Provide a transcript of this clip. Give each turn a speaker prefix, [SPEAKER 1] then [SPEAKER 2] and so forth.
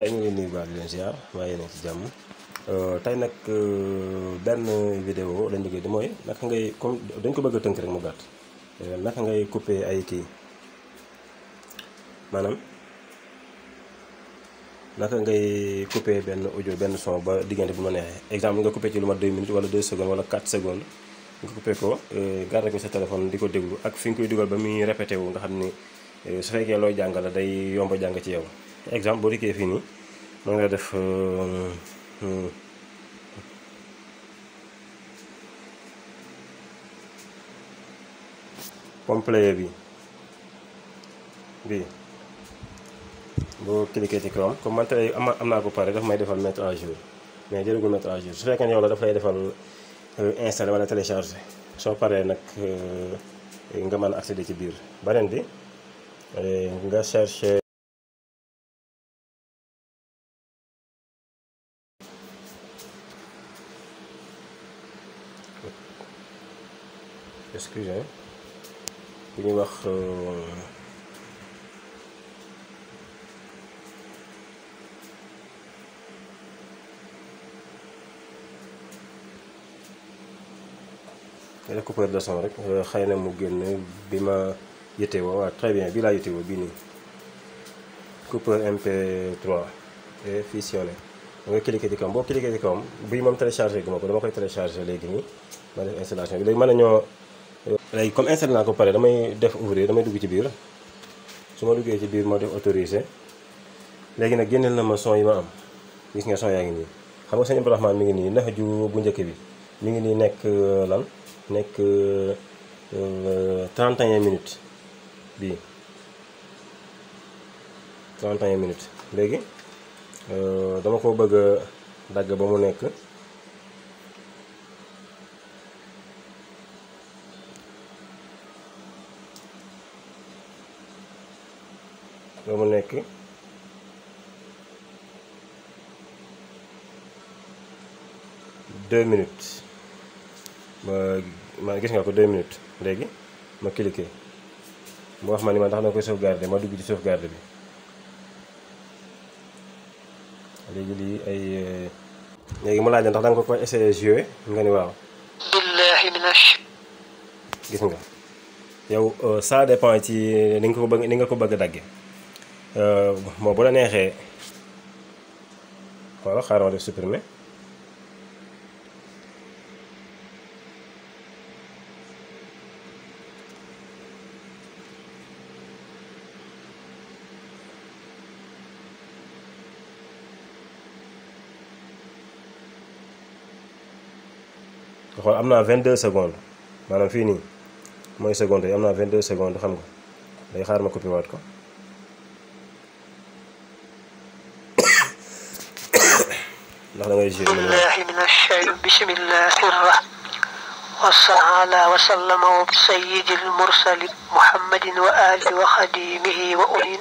[SPEAKER 1] tey ñu ngi nuyu waaye yéen a ci euh, tey nag euh, benn vidéo lañ liggéey di mooy naka ngay comme dañ ko bëgg a tënk rek mu gàtt euh, naka ngay couper ay kii maanaam naka ngay couper benn audio benn son ba diggante bu ma neexee exemple nga couper ci lu ma 2 minutes wala 2 secondes wala 4 secondes nga couper ko garde ko sa téléphone di ko déglu ak fi nga koy dugal ba muy répété wu nga xam ni su fekkee looy jàng la day yomb jàng ci yow. exemple boo dikkee fii nii mën nga def complet euh, hmm. bi bii boo cliquer ci Chrome comme man tey am naa ko pare daf may defal mettre à jour mais jërëgul mettre à jour su fekkee ne yow la dafay lay defal euh, installer wala télécharger soo paree nag euh, nga mën a accéder ci biir beneen bi nga chercher excusez bu ñuy wax euh, recoupeur de son rek euh, xëy na mu génn bi ma yëtewoo waaw très bien bi laa yëtewoo bii nii coupeur MP3 et fissionné nga cliqué ci kawam boo cliqué ci kawam bii moom téléchargé gu ma ko dama koy téléchargé léegi nii ma def installation bi léegi mën nañoo. léegi comme installé naa ko pare damay def ouvrir damay dugg ci biir su ma duggee ci biir ma def autorisé léegi nag génneel na ma son yi ma am gis nga son yaa ngi nii xam nga sëñ Abdourahmane mi ngi nii ndax ju bu njëkk bi mu ngi nii nekk euh, lan nekk 31 euh, minutes bii 31 minutes léegi. Euh, dama ko bëgg a dagg ba mu nekk ba mu nekk deux minutes ma gis nga ko deux minutes léegi ma cliquer mu wax ma ni ma ndax na koy sauvegarder ma dugg ci sauvegarde bi léegi lii ay eh, léegi mu laaj la ndax da nga ko essayé joué nga ni waaw billahi minash gis nga yow euh, ça dépend ci ni nga ko bëgg ni nga ko bëgg a dagge moo euh, bu la neexee voilà xaaral ma nga am naa 22 secondes maanaam fii mooy seconde yi am naa 22 secondes xam nga day xaar ma copiwaat ko ndax da ngay jiyee. bismillahi وصلى على وسلم وسيد المرسلين محمد وآله وخديمه وأولين